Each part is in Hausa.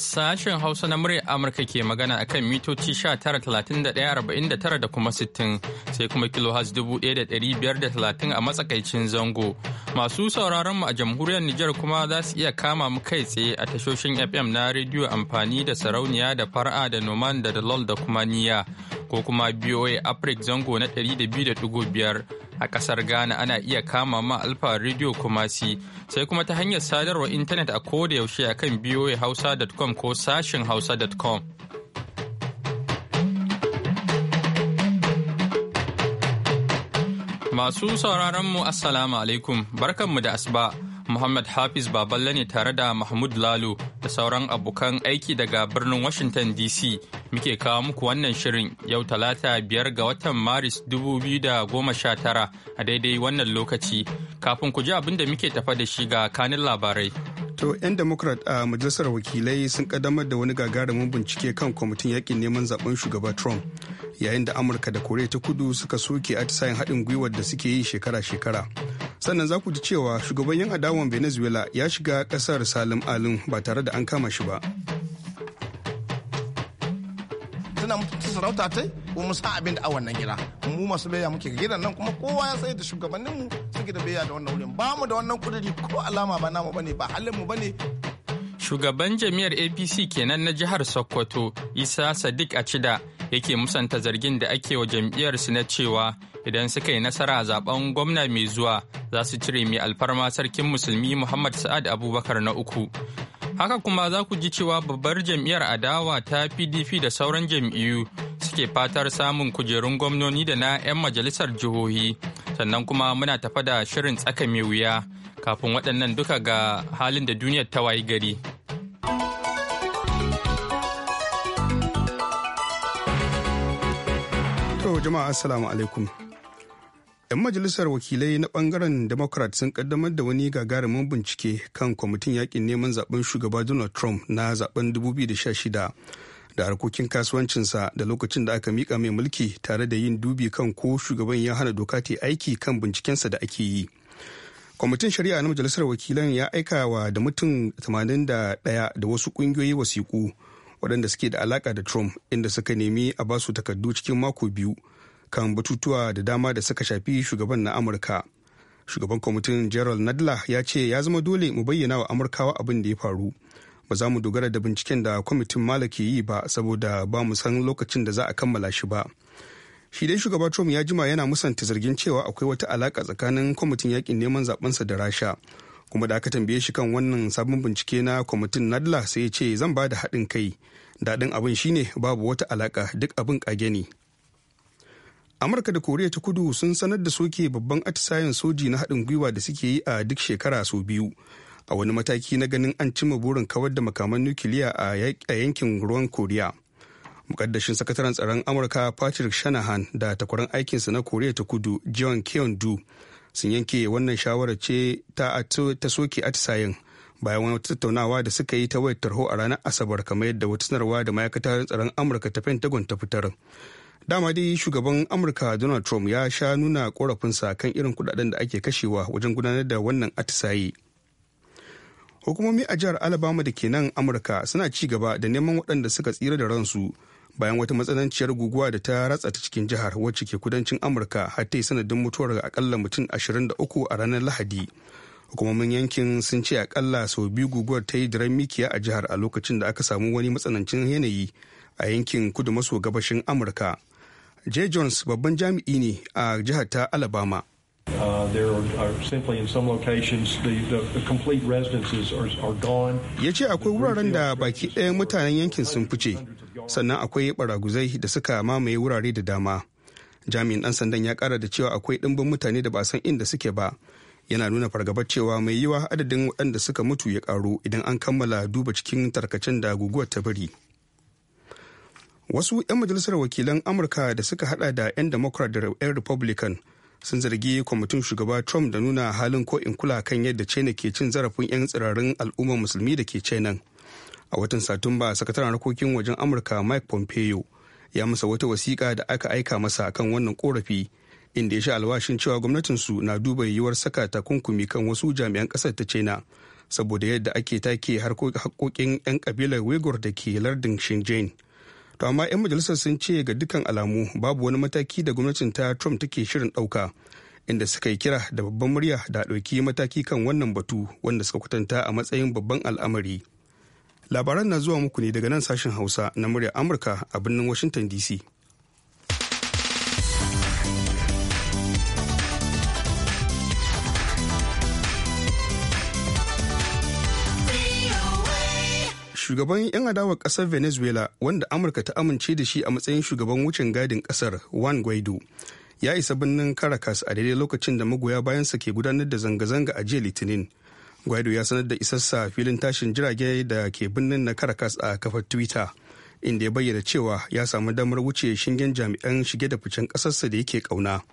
Sashen Hausa na muryar Amurka ke magana a kan mitoci 19,31,49 da kuma 60 sai kuma kilohaz 1,530 a matsakaicin zango. Masu sauraron mu a jamhuriyar Nijar kuma za su iya kama mu kai tsaye a tashoshin FM na rediyo amfani da sarauniya da fara'a da noman da dalol da kuma niya. ko kuma BOA Africa zango na 200.5 a kasar Ghana ana iya kama ma Alfa Radio Kumasi sai kuma ta hanyar sadarwar intanet a koda yaushe a kan boahausa.com ko sashin hausa.com. Masu sauraron mu Assalamu alaikum, barkanmu da asuba. Muhammad Hafiz Baballe ne tare da Mahmud Lalo da sauran abokan aiki daga birnin Washington DC muke kawo muku wannan shirin yau talata biyar ga watan Maris 2019 a daidai wannan lokaci. Kafin ku ji abin da muke tafa da shi ga kanin labarai. To 'yan Democrat a Majalisar Wakilai sun kaddamar da wani gagarumin bincike kan kwamitin yakin neman zaben shugaba Trump yayin da Amurka da Koriya ta Kudu suka soke atisayen haɗin gwiwar da suke yi shekara-shekara. sannan za ku ji cewa shugaban yan adawan venezuela ya shiga kasar salim alin ba tare da an kama shi ba tana mutunta sarauta ta ko mu abin da a wannan gida mu masu baya muke gidan nan kuma kowa ya sai da shugabannin mu suke da baya da wannan wurin ba mu da wannan kudiri ko alama ba namu bane ba halin mu bane shugaban jami'ar apc kenan na jihar sokoto isa sadiq cida. yake musanta zargin da ake wa su na cewa idan suka yi nasara a zaben gwamna mai zuwa za su cire mai alfarma sarkin musulmi muhammad sa'ad abubakar na uku haka kuma za ku ji cewa babbar jam'iyyar adawa ta pdp da sauran jam'iyyu suke fatar samun kujerun gwamnoni da na 'yan majalisar jihohi sannan kuma muna tafa da shirin tsaka mai wuya kafin waɗannan duka ga halin da duniyar ta wayi gari. To jama'a assalamu alaikum. 'Yan majalisar wakilai na bangaren Democrat sun kaddamar da wani gagarumin bincike kan kwamitin yakin neman zaben shugaba Donald Trump na zaben 2016 da harkokin kasuwancinsa da lokacin da aka mika mai mulki tare da yin dubi kan ko shugaban ya hana doka ta aiki kan bincikensa da ake yi. kwamitin shari'a na majalisar wakilan ya aika wa da mutum 81 da wasu kungiyoyi wasiƙu waɗanda suke da alaka da trump inda suka nemi a basu takardu cikin mako biyu kan batutuwa da dama da suka shafi shugaban na amurka shugaban kwamitin gerald nadler ya ce ya zama dole mu bayyana wa amurkawa abin da ya faru ba za mu dogara da binciken da kwamitin malaki yi ba saboda ba mu san lokacin da za a kammala shi ba shi dai shugaba trump ya jima yana musanta zargin cewa akwai wata alaka tsakanin kwamitin yakin neman sa da rasha kuma da aka tambaye shi kan wannan sabon bincike na kwamitin nadla sai ya ce zan ba da haɗin kai daɗin abin shine babu wata alaƙa duk abin ƙage ne amurka da koriya ta kudu sun sanar da soke babban atisayen soji na haɗin gwiwa da suke yi a duk shekara sau biyu a wani mataki na ganin an cimma burin kawar da makaman nukiliya a yankin ruwan koriya mukaddashin sakataren tsaron amurka patrick shanahan da takwaran aikinsa na koriya ta kudu john keon sun yanke wannan shawarar ce ta soke atisayen bayan wani tattaunawa da suka yi ta wayar tarho a ranar asabar kamar yadda wata sanarwa da ma'aikatar tsaron amurka ta pentagon ta fitar dama dai shugaban amurka donald trump ya sha nuna korafinsa kan irin kudaden da ake kashewa wajen gudanar da wannan atisaye hukumomi a jihar alabama da ke nan amurka suna ci gaba da neman waɗanda suka tsira da ransu bayan wata matsananciyar guguwa da ta ratsa ta cikin jihar wacce ke kudancin amurka har ta yi sanadin mutuwar akalla mutum uku a ranar lahadi hukumomin yankin sun ce akalla sau biyu guguwar ta yi diran mikiya a jihar a lokacin da aka samu wani matsanancin yanayi a yankin kudu maso gabashin amurka jay jones babban jami'i ne a jihar ta alabama residences Ya ce akwai wuraren da baki ɗaya mutanen yankin sun fice, sannan akwai ɓaraguzai da suka mamaye wurare da dama. Jami'in ɗan sandan ya kara da cewa akwai ɗimbin mutane da ba san inda suke ba. Yana nuna fargabar cewa mai yiwa adadin waɗanda suka mutu ya ƙaru idan an kammala duba cikin tarkacen da guguwar ta bari. Wasu 'yan majalisar wakilan Amurka da suka hada da 'yan Democrat da 'yan Republican sun zargi kwamitin shugaba trump da nuna halin ko in kula kan yadda china ke cin zarafin 'yan tsirarin al'ummar musulmi da ke china a watan satumba sakataren harkokin wajen amurka mike pompeo ya masa wata wasiƙa da aka aika masa kan wannan korafi inda ya sha alwashin cewa gwamnatinsu na duba yiwuwar saka takunkumi kan wasu jami'an ƙasar ta china saboda yadda ake take harkokin 'yan kabilar uyghur da ke lardin xinjiang to amma 'yan majalisar sun ce ga dukkan alamu babu wani mataki da gwamnatin ta trump take shirin dauka inda suka yi kira da babban murya da ɗauki mataki kan wannan batu wanda suka kwatanta a matsayin babban al'amari labaran na zuwa muku ne daga nan sashen hausa na murya amurka a birnin washington dc shugaban 'yan adawar ƙasar venezuela wanda amurka ta amince da shi a matsayin shugaban wucin gadin ƙasar juan guaido ya isa birnin caracas a daidai lokacin da magoya bayansa ke gudanar da zanga-zanga a jiya litinin guaido ya sanar da isassa filin tashin jirage da ke birnin na caracas a kafar twitter inda ya bayyana cewa ya samu damar wuce shingen jami'an shige da ficen ƙasarsa da yake ƙauna.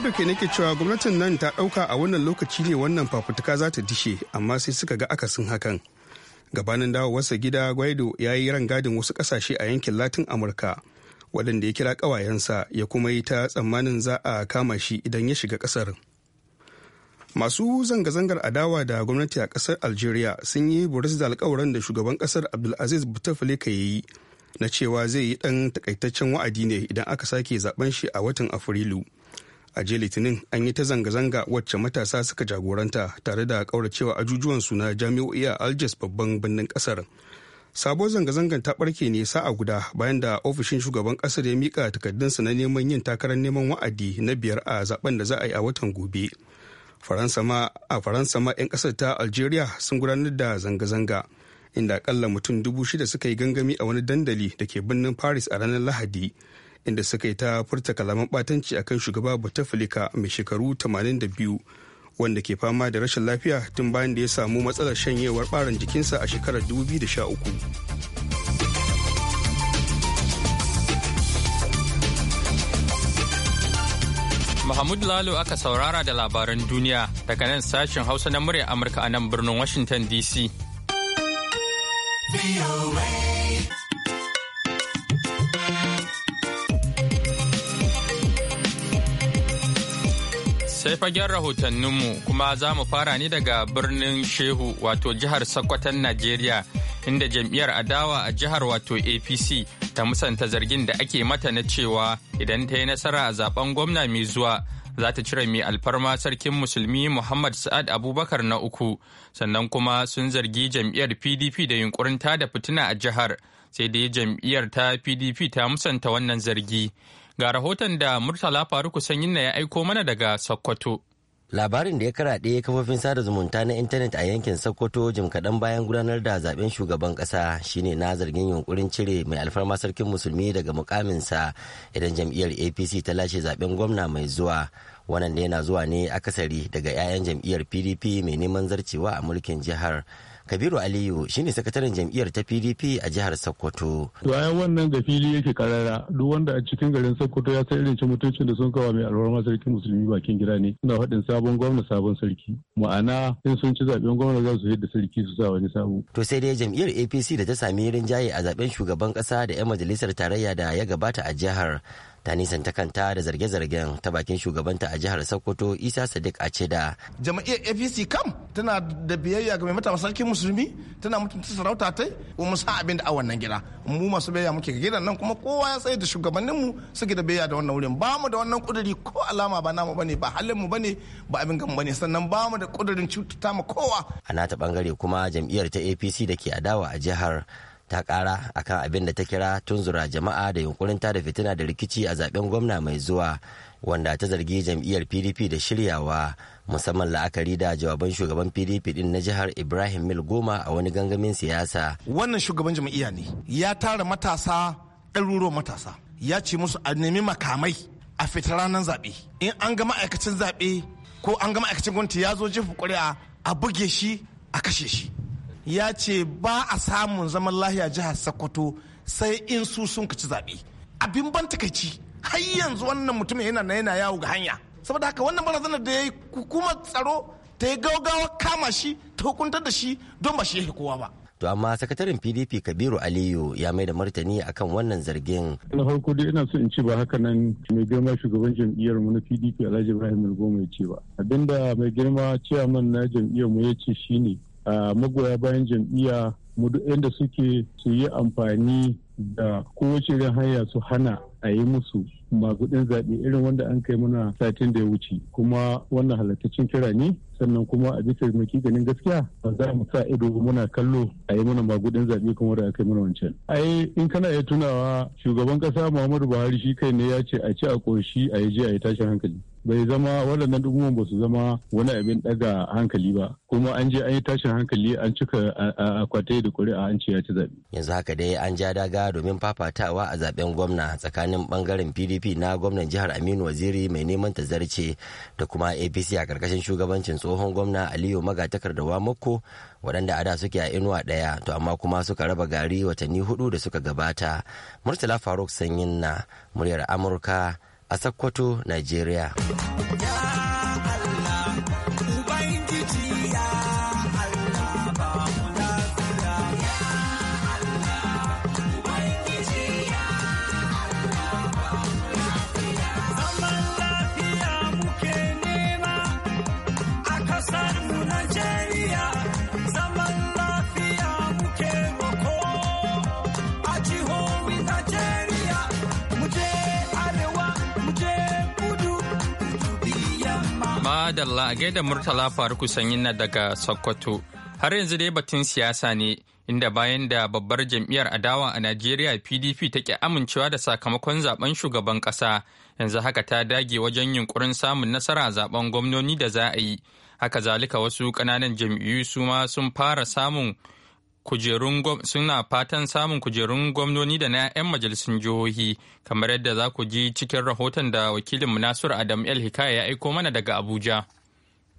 da ke nake cewa gwamnatin nan ta ɗauka a wannan lokaci ne wannan fafutuka za ta dishe amma sai suka ga akasin hakan. Gabanin dawowarsa gida Guaido ya yi rangadin wasu kasashe a yankin Latin Amurka waɗanda ya kira ƙawayensa ya kuma yi ta tsammanin za a kama shi idan ya shiga ƙasar. Masu zanga-zangar adawa da gwamnati a ƙasar Algeria sun yi buris da alkawarin da shugaban ƙasar Abdulaziz Bouteflika ya yi na cewa zai yi ɗan takaitaccen wa'adi ne idan aka sake zaben shi a watan Afrilu. a jiya litinin an yi ta zanga-zanga wacce matasa suka jagoranta tare da kauracewa ajujuwansu na jami'o'i a aljes babban birnin ƙasar sabo zanga-zangan ta ɓarke ne sa'a guda bayan da ofishin shugaban ƙasar ya mika takardunsa na neman yin takarar neman wa'adi na biyar a zaben da za a yi a watan gobe faransa ma a faransa ma 'yan ƙasar ta algeria sun gudanar da zanga-zanga inda akalla mutum dubu shida suka yi gangami a wani dandali da ke birnin paris a ranar lahadi inda suka yi ta furta kalaman batanci akan shugaba Bouteflika mai shekaru 82 wanda ke fama da rashin lafiya tun bayan da ya samu matsalar shanyewar barin jikinsa a shekarar 2013. Mahmud Lalo aka saurara da labaran duniya daga nan sashen Hausa na murya Amurka a nan birnin Washington DC. sai fagen rahotanninmu kuma za mu fara ne daga birnin shehu wato jihar sakwatan najeriya inda jam'iyyar adawa a jihar wato apc ta musanta zargin da ake mata na cewa idan ta yi nasara a zaben gwamna mai zuwa za ta cire mai alfarma sarkin musulmi muhammad sa'ad abubakar na uku sannan kuma sun zargi jam'iyyar pdp da yunkurin da fitina a jihar sai dai jam'iyyar ta pdp ta musanta wannan zargi Ga rahoton da Murtala Faruku Sanyinna ya aiko mana daga Sokoto. labarin da ya karaɗe kafofin sada zumunta na intanet a yankin sokoto jim kaɗan bayan gudanar da zaben shugaban ƙasa shine na zargin yunkurin cire mai alfarma sarkin musulmi daga mukaminsa idan jam'iyyar apc ta lashe zaben gwamna mai zuwa wannan da yana zuwa ne akasari daga 'ya'yan jam'iyyar pdp mai neman zarcewa a mulkin jihar kabiru aliyu shine sakataren jam'iyyar ta pdp a jihar sokoto to ai wannan da fili yake karara duk wanda a cikin garin sokoto ya san irin cin mutuncin da sun kawo mai alwarma sarki musulmi bakin gida ne suna faɗin sabon gwamna sabon sarki ma'ana in sun ci zaɓen gwamna za su yadda sarki su sa wani sabo to sai dai jam'iyyar apc da ta sami rinjaye a zaben shugaban kasa da 'yan majalisar tarayya da ya gabata a jihar ta nisanta kanta da zarge-zargen ta bakin shugabanta a jihar Sokoto Isa Sadiq da Jama'iyyar APC kam tana da biyayya ga mai mata sarkin musulmi tana mutunta sarauta ta mu san abin da a wannan gida mu masu biyayya muke ga gidan nan kuma kowa ya tsaye da shugabannin mu suke da biyayya da wannan wurin ba mu da wannan kuduri ko alama ba namu bane ba halin mu bane ba abin gan bane sannan ba mu da kudurin cutata ma kowa. A nata bangare kuma jam'iyyar ta APC da ke adawa a jihar ta kara akan abin da ta kira tunzura jama'a da yunkurin ta da fitina da rikici a zaben gwamna mai zuwa wanda ta zargi jam'iyyar pdp da shiryawa musamman la'akari da jawaban shugaban pdp din na jihar ibrahim mil goma a wani gangamin siyasa wannan shugaban jam'iyya ne ya tara matasa ɗaruruwan matasa ya ce musu a nemi makamai a fita ranar zaɓe in an ga ma'aikacin zaɓe ko an ga ma'aikacin gwamnati ya zo jefa ƙuri'a a buge shi a kashe shi ya ce ba a samun zaman lahiya jihar sokoto sai in su sun ci zaɓe abin ban takaici har yanzu wannan mutumin yana na yana yawo ga hanya saboda haka wannan barazana da ya yi hukumar tsaro ta yi gaugawa kama shi ta hukuntar da shi don ba shi yake kowa ba to amma sakataren pdp kabiru aliyu ya mai da martani akan wannan zargin na farko dai ina so in ce ba haka nan mai girma shugaban jam'iyyar mu na pdp alhaji ibrahim ya ce ba abinda mai girma ciyaman na jam'iyyar mu ya ce shine magoya bayan jam'iyya mu duk inda suke su yi amfani da kowace irin hanya su hana a yi musu magudin zaɓe irin wanda an kai muna satin da ya wuce kuma wannan halattacin kira ne sannan kuma a bisa maki ganin gaskiya ba za mu sa ido muna kallo a yi mana magudin zaɓe kuma da aka yi mana wancan. ai in kana iya tunawa shugaban kasa muhammadu buhari shi kai ne ya ce a ci a ƙoshi a yi je a yi tashin hankali bai zama waɗannan duguman ba su zama wani abin daga hankali ba kuma an je an yi tashin hankali an cika akwate da ƙuri'a an ce ya ci zaɓe. yanzu haka dai an ja daga domin fafatawa a zaben gwamna tsakanin bangaren pdp na gwamnan jihar aminu waziri mai neman ta zarce da kuma apc a karkashin shugabancin tsohon gwamna aliyu magatakar da wamako waɗanda a da suke a inuwa ɗaya to amma kuma suka raba gari watanni hudu da suka gabata murtala faruk sanyin na muryar amurka a Sokoto, Najeriya. madalla a gaida murtala faruku sanyin na daga sokoto har yanzu dai batun siyasa ne inda bayan da babbar jam'iyyar adawa a najeriya pdp ta ke amincewa da sakamakon zaben shugaban kasa yanzu haka ta dage wajen yunkurin samun nasara a zaben gwamnoni da za a yi haka zalika wasu ƙananan jam'iyyu su ma sun fara samun kujerun suna fatan samun kujerun gwamnoni da na 'yan majalisun jihohi kamar yadda za ku ji cikin rahoton da wakilin Nasiru Adam El Hikaya ya aiko mana daga Abuja.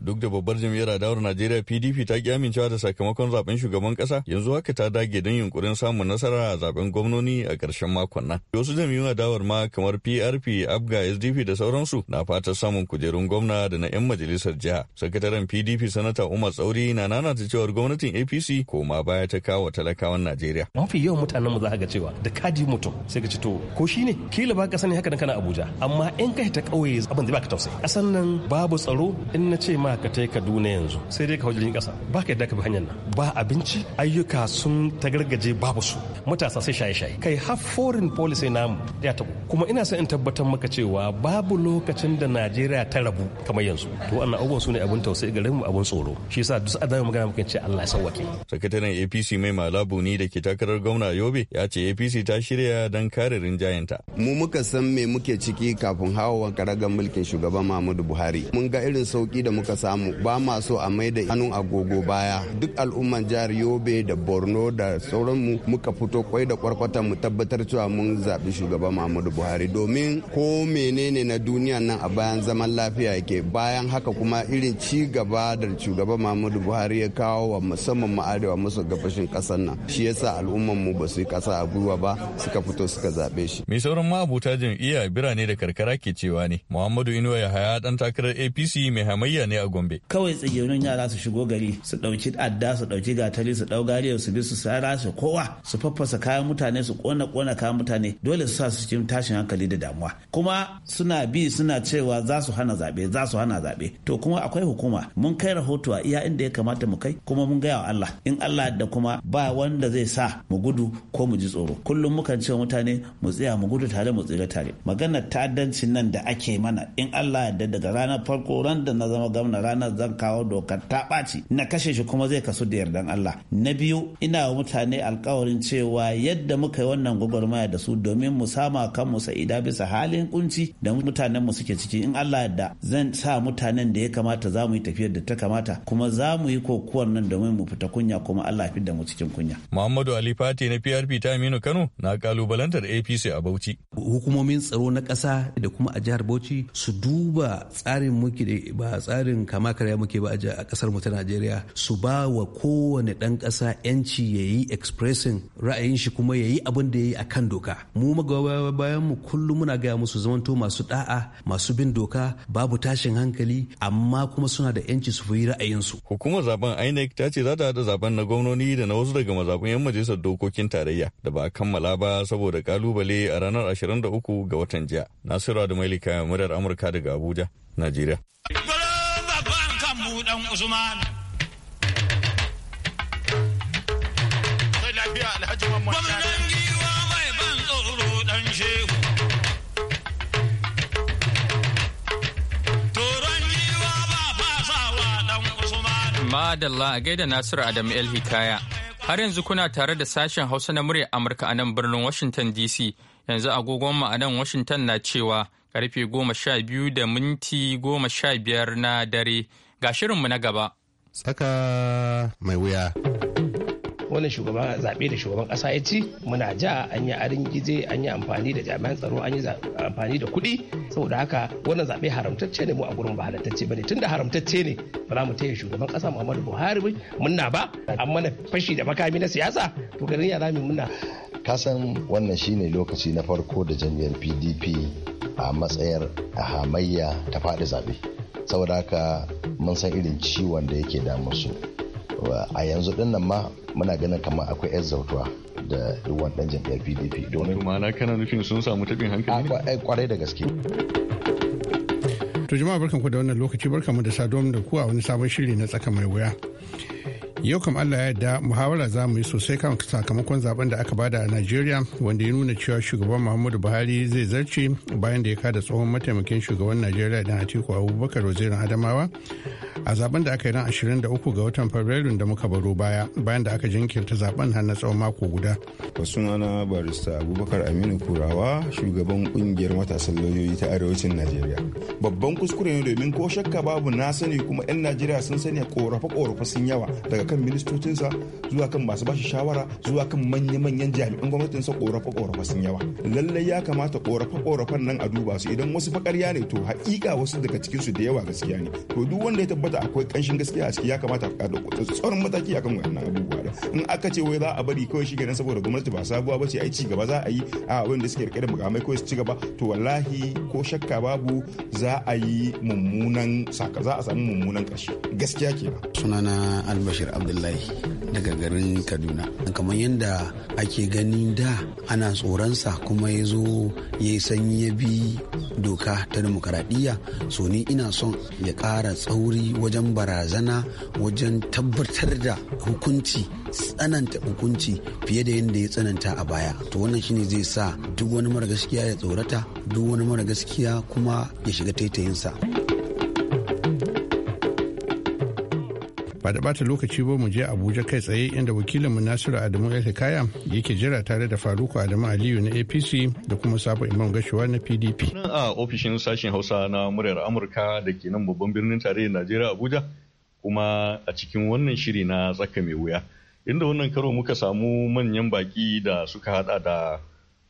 duk da babbar jam'iyyar adawar najeriya pdp ta ki amincewa da sakamakon zaben shugaban kasa yanzu haka ta dage don yunkurin samun nasara a zaben gwamnoni a ƙarshen makon nan wasu jami'un adawar ma kamar prp abga sdp da sauransu na fatan samun kujerun gwamna da na 'yan majalisar jiha sakataren pdp sanata umar tsauri na nana nanata cewar gwamnatin apc ko ma baya ta kawo talakawan najeriya mafi yawan mutanenmu za ga cewa da kaji mutum sai ka ci to ko shine kila ba ka sani haka kana abuja amma in ka ta kauye abin da ka tausayi kasan nan babu tsaro in na ce ma jama'a ka ta kaduna yanzu sai dai ka hau jirgin kasa ba ka yadda ka bi hanyar nan ba abinci ayyuka sun tagargaje babu su matasa sai shaye-shaye kai har foreign policy namu ya tabu kuma ina son in tabbatar maka cewa babu lokacin da najeriya ta rabu kamar yanzu to wannan abubuwan su ne abin tausayi garin mu abin tsoro shi yasa duk adamu magana mukan ce Allah ya sauwake sakataren APC mai malabu ni da ke takarar gwamna Yobe ya ce APC ta shirya don kare rinjayenta mu muka san me muke ciki kafin hawa karagar mulkin shugaban Muhammadu Buhari mun ga irin sauki da muka samu ba ma so a mai da hannun agogo baya duk al'umman jihar yobe da borno da sauranmu muka fito kwai da kwarkwata mu tabbatar cewa mun zaɓi shugaba muhammadu buhari domin ko menene na duniya nan a bayan zaman lafiya yake bayan haka kuma irin ci gaba da shugaba muhammadu buhari ya kawo wa musamman mu arewa maso gabashin ƙasar nan shi yasa al'umman mu ba su yi ƙasa a gwiwa ba suka fito suka zaɓe shi. mai sauran ma'abuta jam'iyya birane da karkara ke cewa ne muhammadu inuwa ya haya ɗan takarar apc mai hamayya ne a Gombe. Kawai tsagirin yara su shigo gari su ɗauki adda su ɗauki gatari su ɗau gariyar su bi su sara su kowa su faffasa kayan mutane su kona kona kayan mutane dole su sa su cikin tashin hankali da damuwa. Kuma suna bi suna cewa za su hana zaɓe za su hana zaɓe to kuma akwai hukuma mun kai rahoto a iya inda ya kamata mu kai kuma mun gaya wa Allah in Allah da kuma ba wanda zai sa mu gudu ko mu ji tsoro kullum mukan ce mutane mu tsaya mu gudu tare mu tsira tare maganar ta'addancin nan da ake mana in Allah da daga ranar farko ran da na zama gwamna wannan ranar zan kawo dokar ta ɓaci na kashe shi kuma zai kasu da yardan Allah na biyu ina wa mutane alkawarin cewa yadda muka yi wannan gwagwarmaya da su domin mu sama kanmu sa'ida bisa halin kunci da mutanen mu suke ciki in Allah yadda zan sa mutanen da ya kamata za mu yi tafiyar da ta kamata kuma za mu yi kokuwar nan domin mu fita kunya kuma Allah fi da mu cikin kunya Muhammadu Ali Fati na PRP ta Aminu Kano na kalubalantar APC a Bauchi hukumomin tsaro na kasa da kuma a jihar Bauchi su duba tsarin mulki da ba tsarin kama kama karya muke ba a kasar mu ta Najeriya su ba wa kowane ɗan kasa yanci ya yi expressing ra'ayin shi kuma ya yi abin da ya yi akan doka mu magaba bayan mu kullum muna gaya musu zamanto masu da'a masu bin doka babu tashin hankali amma kuma suna da yanci su yi ra'ayin su. hukumar zaben INEC ta ce za ta hada zaben na gwamnoni da na wasu daga mazabun yan majalisar dokokin tarayya da ba a kammala ba saboda kalubale a ranar 23 ga watan jiya nasiru da mailika murar amurka daga abuja najeriya sambu dan usman a gaida Nasiru adamu El Hikaya. Har yanzu kuna tare da sashen Hausa na muryar Amurka a nan birnin Washington DC. Yanzu agogon mu a nan Washington na cewa karfe goma sha da minti goma sha biyar na dare Ga shirinmu na gaba. Saka mai wuya. wannan shugaban zaɓe da shugaban ƙasa ya ci muna ja an yi arin gize an yi amfani da jami'an tsaro an yi amfani da kuɗi saboda haka wannan zaɓe haramtacce ne mu a gurin ba halattacce bane tunda haramtacce ne ba za mu taya shugaban ƙasa Muhammadu Buhari munna ba an mana fashi da makami na siyasa to garin ya muna munna kasan wannan shine lokaci na farko da jami'ar PDP a matsayar hamayya ta faɗi zaɓe saboda haka mun san irin ciwon da yake da su a yanzu din nan ma muna ganin kamar akwai yan zautuwa da ruwan dan jam'iyyar pdp domin ma'ana kana nufin sun samu tabin hankali kwarai da gaske to jama'a barkanku da wannan lokaci barkanmu da saduwa da ku a wani sabon shiri na tsaka mai wuya yau kam allah ya yarda muhawara za mu yi sosai kan sakamakon zaben da aka bada a najeriya wanda ya nuna cewa shugaban muhammadu buhari zai zarce bayan da ya kada tsohon mataimakin shugaban najeriya da atiku abubakar wazirin adamawa a zaben da aka yi ran 23 ga watan fabrairu da muka baro baya bayan da aka jinkirta zaben har na tsawon mako guda. sunana barista abubakar aminu kurawa shugaban kungiyar matasan lauyoyi ta arewacin najeriya babban kuskure ne domin ko shakka babu na sani kuma 'yan najeriya sun sani korafa korafa sun yawa daga kan ministocinsa zuwa kan masu bashi shawara zuwa kan manya-manyan jami'an gwamnatinsa korafa korafa sun yawa lallai ya kamata korafa korafan nan a duba su idan wasu fakarya ne to hakika wasu daga cikinsu da yawa gaskiya ne to duk wanda ya tabbata akwai kanshin gaskiya a ciki ya kamata a kada tsaron mataki akan wannan abubuwa in aka ce wai za a bari kawai shi kenan saboda gwamnati ba sabuwa ba ce ai ci gaba za a yi a wanda suke rike da mukamai kawai su ci gaba to wallahi ko shakka babu za a yi mummunan saka za a samu mummunan ƙarshe gaskiya kenan sunana albashir abdullahi daga garin kaduna kamar yadda ake gani da ana tsoronsa kuma ya zo ya yi sanyi ya bi doka ta demokaradiyya so ni ina son ya ƙara tsauri wajen barazana wajen tabbatar da hukunci tsananta hukunci fiye da yadda ya tsananta a baya to wannan shine zai sa duk wani mara gaskiya ya tsorata duk wani mara gaskiya kuma ya shiga taitayinsa ba da bata lokaci ba mu je abuja kai tsaye inda wakilinmu nasiru adamu kaya yake jira tare da faruku adamu aliyu na apc da kuma sabon imam gashuwa na pdp nan a ofishin sashen hausa na muryar amurka da ke nan babban birnin tarayyar najeriya abuja kuma a cikin wannan shiri na tsaka mai wuya inda wannan karo muka samu manyan baki da suka hada da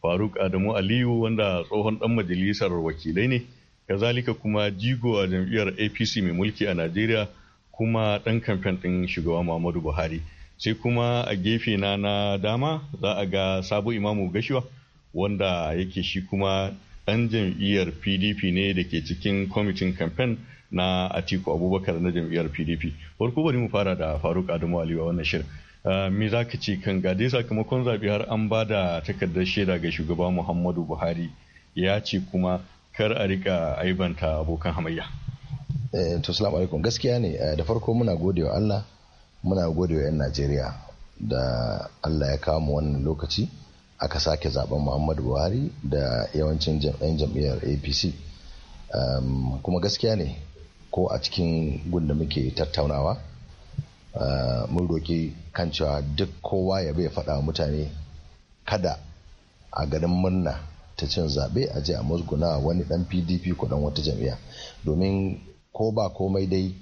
faruk adamu aliyu wanda tsohon dan majalisar wakilai ne kazalika kuma jigo a jam'iyyar apc mai mulki a najeriya kuma dan kamfen din shugaba muhammadu buhari sai kuma a gefe na na dama za a ga Sabu imamu gashiwa wanda yake shi kuma dan jam'iyyar pdp ne da ke cikin kwamitin kamfen na atiku abubakar na jam'iyyar pdp farko bari mu fara da faruk adamu aliyu a wannan shirin Eh, me za ka ce kan gade sakamakon zaɓe har an ba da takardar shaida ga shugaba muhammadu buhari ya ce kuma kar a rika aibanta abokan hamayya eh, to salamu alaikum gaskiya ne eh, da farko muna godewa allah muna godewa 'yan najeriya da allah ya kawo mu wannan lokaci aka sake zaben muhammadu buhari da yawancin yan jam'iyyar apc ehm, kuma gaskiya ne ko a cikin gun da muke tattaunawa Eh, mun roki kan cewa duk kowa ya bai faɗa mutane kada a garin murna ta cin zaɓe a je a musguna wani ɗan pdp ko wata jam'iyya domin ko ba komai dai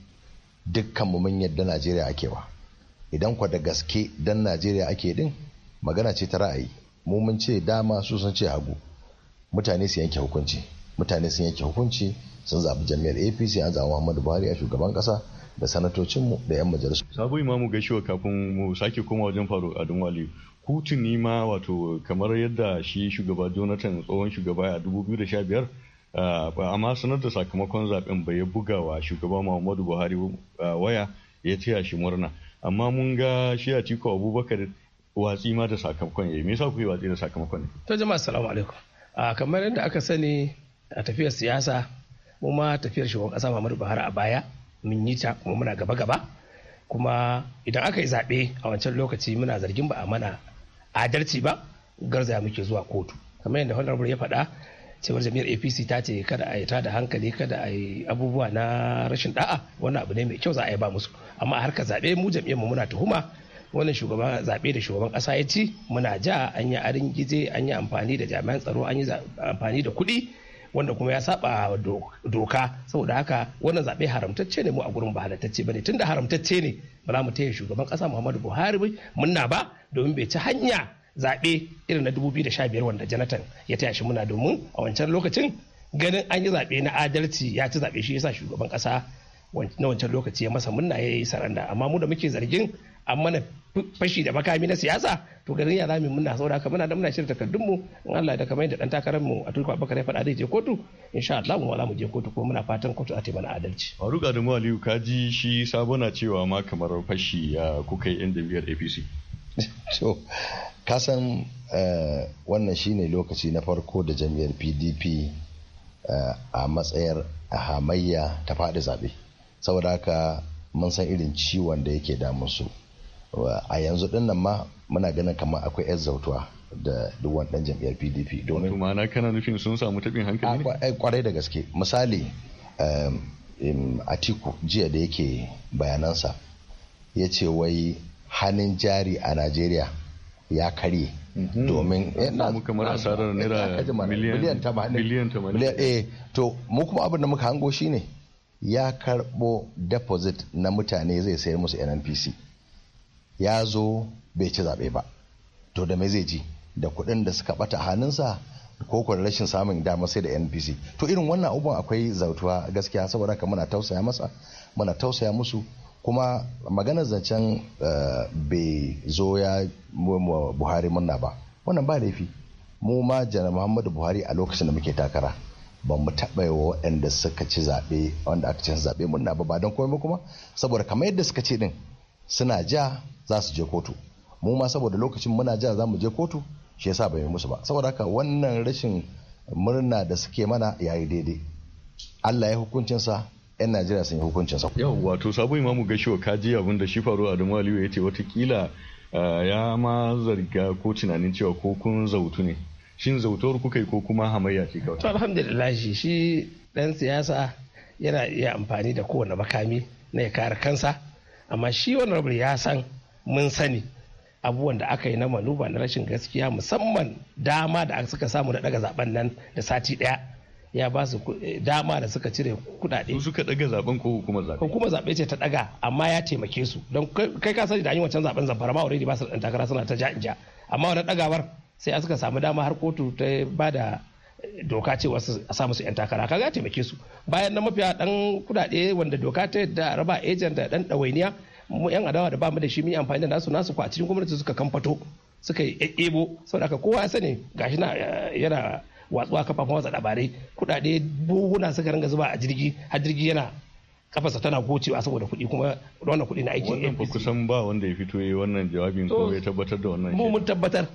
dukkanmu mun yadda najeriya ake ba idan kwa da gaske dan najeriya ake din magana ce ta ra'ayi mu mun ce dama su sun ce hagu mutane su yanke hukunci mutane sun yanke hukunci sun zaɓi jami'ar apc an zaɓi muhammadu buhari a shugaban ƙasa da sanatocinmu da 'yan majalisu. Sabu imamu gashiwa kafin mu sake koma wajen faru a Dunwale. Kutuni ma wato kamar yadda shi shugaba Jonathan tsohon shugaba a 2015 amma sanar da sakamakon zaben bai buga wa shugaba Muhammadu Buhari waya ya taya shi murna. Amma mun ga shi a Tiko Abubakar watsi ma da sakamakon ya me yasa ku yi watsi da sakamakon ne. To jama'a assalamu alaikum. kamar yadda aka sani a tafiyar siyasa mu ma tafiyar shugaban kasa Muhammadu Buhari a baya mun yi ta kuma muna gaba gaba kuma idan aka yi zaɓe a wancan lokaci muna zargin ba a mana adalci ba garzaya muke zuwa kotu kamar yadda honorable ya faɗa cewar jami'ar apc ta ce kada a yi ta da hankali kada a yi abubuwa na rashin da'a wannan abu ne mai kyau za a yi ba musu amma a harkar zaɓe mu mu muna tuhuma wannan shugaban zaɓe da shugaban ƙasa ya ci muna ja an yi arin gize an yi amfani da jami'an tsaro an yi amfani da kuɗi wanda kuma ya saba doka saboda haka wannan zaɓe haramtacce ne mu a gurin ba ne bane tunda haramtacce ne ba za mu taya shugaban ƙasa Muhammadu Buhari munna ba domin bai ci hanya zaɓe irin na biyar wanda Jonathan ya taya shi muna domin a wancan lokacin ganin an yi zaɓe na adalci ya ci zaɓe shi yasa shugaban ƙasa na wancan lokaci ya masa munna ya yi saranda amma mu da muke zargin an mana fashi da makami na siyasa to garin ya zamu muna saura haka muna da muna shirya takardun mu in Allah da kamar da dan takarar mu a turku abakar ya faɗa zai je kotu insha Allah mu wala mu je kotu kuma muna fatan kotu a taimana adalci Faruk Adamu Aliyu kaji shi sabona cewa ma kamar fashi ya kuka yi yan biyar APC to san eh, wannan shine lokaci na farko da jami'ar PDP eh, a matsayar hamayya ta faɗi zabe saboda haka mun san irin ciwon da yake damun su a yanzu din nan ma muna ganin kamar akwai yan zautuwa da duk wani dan jam'iyyar pdp domin ma'ana kana nufin sun samu tabin hankali ne kwarai eh, da gaske misali atiku jiya da yake bayanansa ya ce wai hannun jari a najeriya ya karye mhm. domin yana kamar asarar naira miliyan 80 eh to mu kuma abin da muka hango shine ya karbo deposit na mutane zai sayar musu nnpc ya zo bai ci zaɓe ba to da mai zai ji da kuɗin da suka ɓata hannunsa ko kuwa rashin samun dama sai da npc to irin wannan abubuwan akwai zautuwa gaskiya saboda haka muna tausaya masa muna tausaya musu kuma maganar zancen eh, bai zo ya buhari murna ba wannan ba laifi mu ma janar muhammadu buhari a lokacin da muke takara ba mu taɓa yi wa waɗanda suka ci zaɓe wanda aka ci zaɓe murna ba ba don komai kuma saboda kamar yadda suka ce din suna ja za su je kotu mu ma saboda lokacin muna jiya za mu je kotu shi yasa bai musu ba saboda haka wannan rashin murna da suke mana yayi daidai Allah ya hukuncinsa 'yan Najeriya sun yi sa Yau wato sabu imamu gashiwa kaji abin da shi faru Adamu Aliyu ya ce watakila ya ma zarga ko tunanin cewa ko kun zautu ne. Shin zautuwar kuka yi ko kuma hamayya ce kawai? Alhamdulillah shi shi siyasa yana iya amfani da kowane makami na ya kare kansa amma shi wani ya san mun sani abubuwan da aka yi na manuba na rashin gaskiya musamman dama da suka samu da daga zaben nan da sati daya ya ba su eh, dama da suka cire kudade suka daga zaben ko hukumar zabe hukumar zaɓe ce ta daga amma ya taimake su don kai ka sani da an yi wancan zaben zamfara ma already ba su dan takara suna ta ja ja amma wannan dagawar sai a suka samu dama har kotu ta ba da eh, doka cewa su samu su yan takara kaga ya taimake su bayan na mafiya dan kudade wanda doka ta yadda raba agent da dan dawainiya mu yan adawa da ba mu da shi mun yi amfani da nasu nasu ko a cikin gwamnati suka kamfato suka yi ebo saboda haka kowa ya sani gashi na eh, yana watsuwa kafafen watsa labarai kuɗaɗe buhuna suka ringa zuba a jirgi har jirgi yana kafasa tana gocewa saboda kuɗi kuma wannan kuɗi na aikin wannan kusan ba wanda ya fito yi wannan jawabin ko ya tabbatar da wannan mu mun tabbatar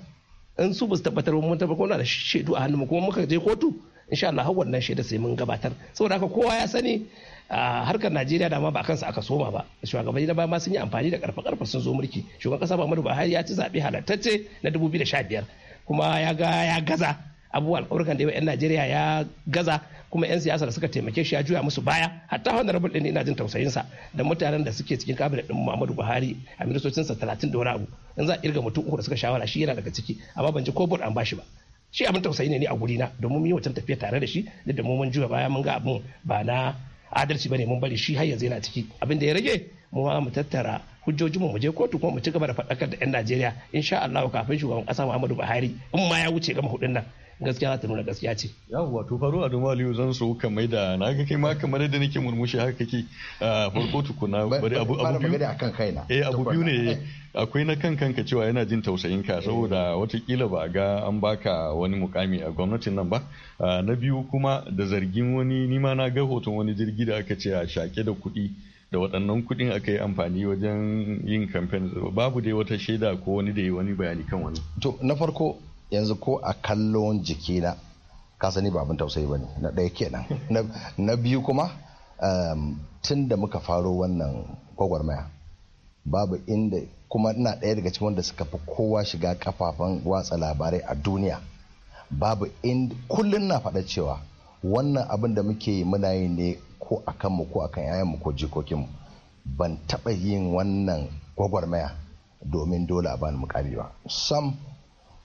in su ba su tabbatar mun tabbatar kuma da shaidu a hannun kuma muka je kotu insha Allah wannan shaida sai mun gabatar saboda haka kowa ya sani harkar najeriya da ma ba kansa aka soma ba shugabanni na ma sun yi amfani da karfe-karfe sun zo mulki shugaban kasa muhammadu buhari ya ci zaɓe halattacce na 2015 kuma ya ga ya gaza abubuwa alƙawarkan da yan najeriya ya gaza kuma yan siyasa da suka taimake shi ya juya musu baya hatta rabu ɗin ina jin tausayinsa da mutanen da suke cikin kabinet din muhammadu buhari a ministocinsa talatin da wani abu in za a irga mutum uku da suka shawara shi yana daga ciki amma ban ji ko bot an shi ba shi abin tausayi ne ni a gurina domin mu yi wancan tafiya tare da shi da mun juya baya mun ga abin ba na adalci bane mun bari shi har yanzu yana ciki abin da ya rage mu ma mu tattara hujjoji mu je kotu kuma mu ci gaba da faɗakar da 'yan Najeriya insha Allah kafin shugaban ƙasa Muhammadu Buhari in ma ya wuce gama hudun nan gaskiya za ta nuna gaskiya ce yawwa to faru a duma aliyu zan so ka da na ga kai ma kamar yadda nake murmushi haka kake farko tukuna bari abu abu biyu akan kaina eh abu biyu ne akwai na kan kanka cewa yana jin tausayin ka saboda eh. watakila ba ga an baka wani mukami a gwamnatin nan ba na biyu kuma da zargin wani nima na ga hoton wani jirgi da aka ce a shake da kuɗi da waɗannan kuɗin aka yi amfani wajen yin kamfen babu dai wata shaida ko wani da yi wani bayani kan wani. To na farko yanzu ko a kallon jikina ka sani ba abin tausayi ba ne na ɗaya kenan na biyu kuma um, tun da muka faro wannan gwagwarmaya babu inda kuma ina ɗaya daga cikin wanda suka fi kowa shiga kafafen watsa labarai a duniya babu inda kullum na faɗa cewa wannan abin da muke yi muna yi ne ko a kanmu ko a kan 'ya'yanmu ko jikokinmu ban taɓa yin wannan gwagwarmaya domin dole a bani mukami ba sam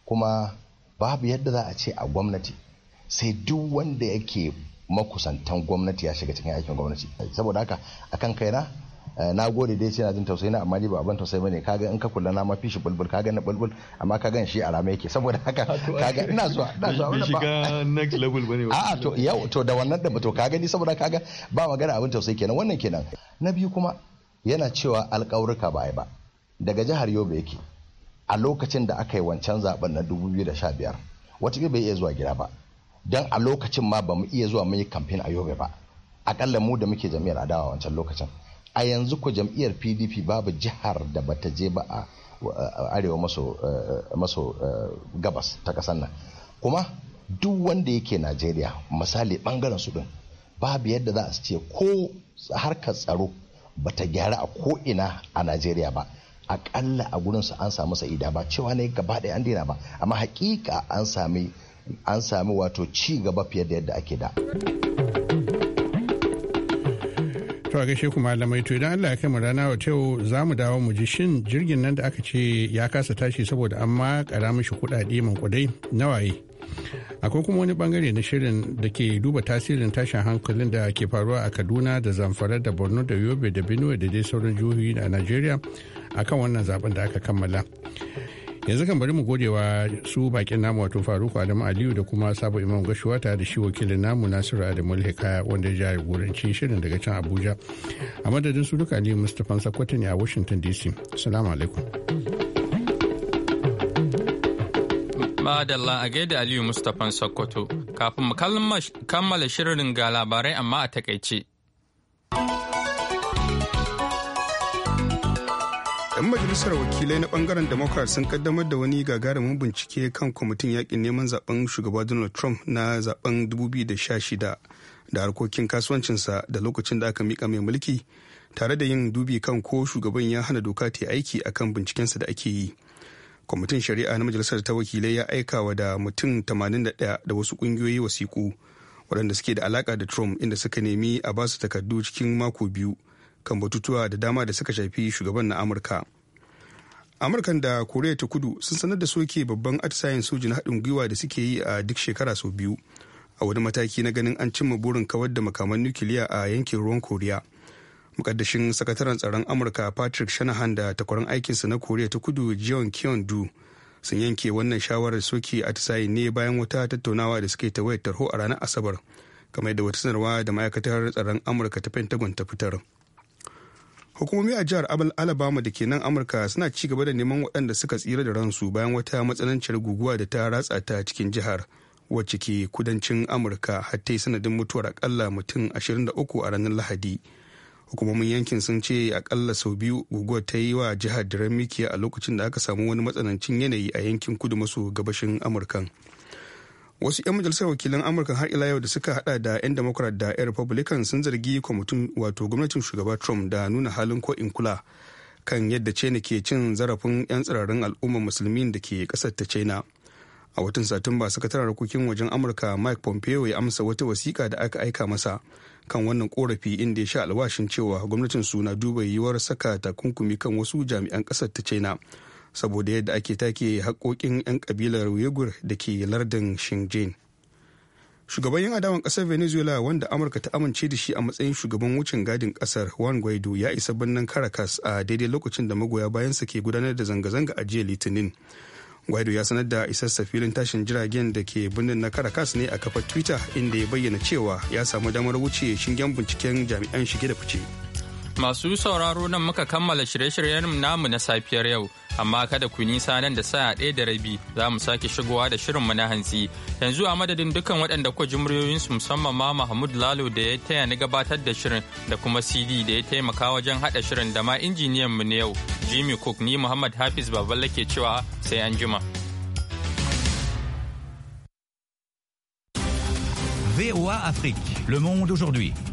kuma babu yadda za a ce a gwamnati sai duk wanda yake makusantan gwamnati ya shiga cikin aikin gwamnati saboda haka akan kaina eh, na gode dai sai na jin tausayi na amma ba abin tausayi bane kaga in ka kula na mafi shi bulbul kaga na bulbul amma ka gan shi a rama yake saboda haka kaga ina zuwa ina zuwa wannan ba next level bane ba a'a to yau to da wannan da to kaga ni saboda kaga ba magana abin tausayi kenan wannan kenan na biyu kuma yana cewa alƙawurka ba ba daga jihar Yobe yake a lokacin da aka yi wancan zaben na 2015 wata bai iya zuwa gida ba don a lokacin ma ba mu iya zuwa mun yi kamfen a yobe ba akalla mu da muke jam'iyyar adawa wancan lokacin a yanzu ku jam'iyyar pdp babu jihar da bata je ba a arewa maso eh, eh, gabas ta kasar nan kuma duk wanda yake najeriya misali bangaren su din babu yadda za a ce ko harkar tsaro bata gyara a ina a najeriya ba akalla a gurinsa an samu sa'ida ba cewa ne gaba ɗaya an daina ba amma hakika an sami an sami wato ci gaba fiye da yadda ake da. To a gaishe ku malamai to idan Allah ya kai mu rana wa yau za mu dawo mu ji shin jirgin nan da aka ce ya kasa tashi saboda an ma kara mishi kuɗaɗe man kudai nawaye. akwai kuma wani bangare na shirin da ke duba tasirin tashin hankalin da ke faruwa a kaduna da zamfara da borno da yobe da benue da dai sauran jihohi a najeriya akan wannan zaben da aka kammala yanzu kan bari mu godewa su bakin namu wato faruku adamu aliyu da kuma sabo imam gashuwa tare da shi wakilin namu nasiru adamu hikaya wanda ya jagoranci shirin daga can abuja a madadin su duka aliyu mustapha sakwatani a washington dc salamu alaikum Madalla a gaida Aliyu Mustapha Sokoto. Kafin mu kammala shirin ga labarai amma a takaice. 'yan majalisar wakilai na bangaren democrat sun kaddamar da wani gagarumin bincike kan kwamitin yakin neman zaben shugaba donald trump na zaben 2016 da harkokin kasuwancinsa da lokacin da aka mika mai mulki tare da yin dubi kan ko shugaban ya hana doka ta aiki akan bincikensa da ake yi. kwamitin shari'a na majalisar ta wakilai ya aika wa da mutum 81 da wasu kungiyoyi wasiku waɗanda suke da alaka da trump inda suka nemi a basu takardu cikin mako biyu kan batutuwa da dama da suka shafi shugaban na amurka amurkan da koriya ta kudu sun sanar da soke babban atisayen soji na haɗin gwiwa da suke yi a duk shekara sau biyu a wani mataki na ganin an cimma burin kawar da makaman nukiliya a yankin ruwan koriya mukaddashin sakataren tsaron amurka patrick shanahan da takwarar aikinsa na koriya ta kudu john kyon du sun yanke wannan shawarar soki atisaye ne bayan wata tattaunawa da suke ta wayar tarho a ranar asabar kamar da wata sanarwa da ma'aikatar tsaron amurka ta pentagon ta fitar hukumomi a jihar alabama da ke nan amurka suna ci gaba da neman waɗanda suka tsira da ransu bayan wata matsananciyar guguwa da ta ratsa ta cikin jihar wacce ke kudancin amurka hatta sanadin mutuwar akalla mutum ashirin da uku a ranar lahadi hukumomin yankin sun ce akalla sau biyu guguwar ta yi wa jihar diramikiya a lokacin da aka samu wani matsanancin yanayi a yankin kudu maso gabashin amurkan wasu 'yan majalisar wakilan amurka har ila yau da suka hada da 'yan democrat da 'yan republican sun zargi kwamitin wato gwamnatin shugaba trump da nuna halin ko in kula kan yadda china ke cin zarafin 'yan tsirarin al'ummar musulmi da ke kasar ta china a watan satumba sakataren harkokin wajen amurka mike pompeo ya amsa wata wasiƙa da aka aika masa kan wannan korafi inda ya sha alwashin cewa gwamnatin su na duba yiwuwar saka takunkumi kan wasu jami'an ƙasar ta china saboda yadda ake take haƙoƙin 'yan ƙabilar uyghur da ke lardin shingen shugaban yan adawan ƙasar venezuela wanda amurka ta amince da shi a matsayin shugaban wucin gadin ƙasar juan guaido ya isa birnin caracas a daidai lokacin da magoya bayansa ke gudanar da zanga-zanga a jiya litinin Guaido ya sanar da isassa filin tashin jiragen da ke birnin na Caracas ne a kafar Twitter inda ya bayyana cewa ya samu damar wuce shingen binciken jami'an shige da fice. Masu sauraro nan muka kammala shirye-shiryen namu na safiyar yau, amma kada ku nisa nan da sa'a ɗaya da rabi za mu sake shigowa da shirinmu na hantsi. Yanzu a madadin dukkan waɗanda ku jimriyoyinsu musamman ma Mahmud Lalo da ya taya ni gabatar da shirin da kuma CD da ya taimaka wajen haɗa shirin da ma injiniyan mu na yau, Jimmy Cook ni Muhammad Hafiz Baballe ke cewa sai an jima. VOA Afrique, le monde aujourd'hui.